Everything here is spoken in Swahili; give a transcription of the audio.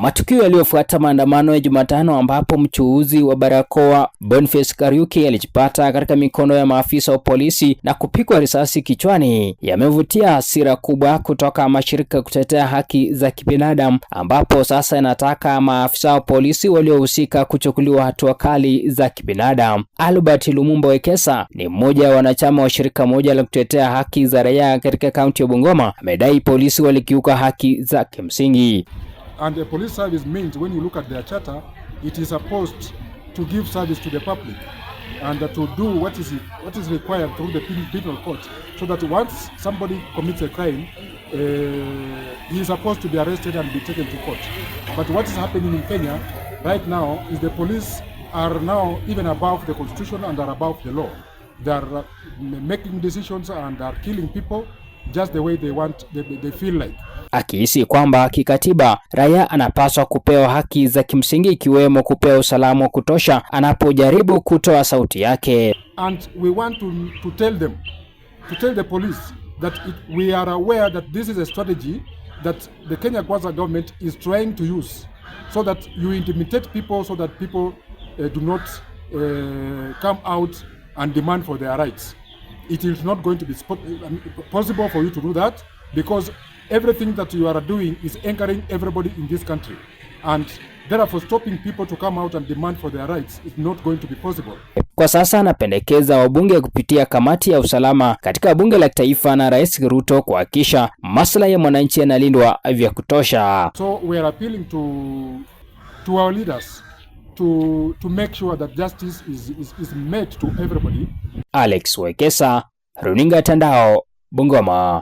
Matukio yaliyofuata maandamano ya Jumatano ambapo mchuuzi wa barakoa Boniface Kariuki alijipata katika mikono ya maafisa wa polisi na kupigwa risasi kichwani yamevutia hasira kubwa kutoka mashirika ya kutetea haki za kibinadamu, ambapo sasa yanataka maafisa wa polisi waliohusika kuchukuliwa hatua kali za kibinadamu. Albert Lumumba Wekesa ni mmoja wa wanachama wa shirika moja la kutetea haki za raia katika kaunti ya Bungoma, amedai polisi walikiuka haki za kimsingi. And the police service means when you look at their charter, it is supposed to give service to the public and to do what is what is required through the penal court, so that once somebody commits a crime, uh, he is supposed to be arrested and be taken to court. But what is happening in Kenya right now is the police are now even above the constitution and are above the law. They are uh, making decisions and are killing people just the way they want, they, they feel like. akihisi kwamba kikatiba raia anapaswa kupewa haki za kimsingi ikiwemo kupewa usalama wa kutosha anapojaribu kutoa sauti yake. And we want to, to tell them, to tell the police that it, we are aware that this is a strategy that the Kenya Kwanza government is trying to use so that you intimidate people so that people uh, do not uh, come out and demand for their rights. It is not going to be possible for you to do that because Everything that you are doing is anchoring everybody in this country. And therefore stopping people to come out and demand for their rights is not going to be possible. Kwa sasa anapendekeza wabunge kupitia kamati ya usalama katika bunge la kitaifa na Rais Ruto kuhakikisha maslahi ya mwananchi yanalindwa vya kutosha. So we are appealing to to our leaders to to make sure that justice is is, is made to everybody. Alex Wekesa, Runinga Tandao, Bungoma.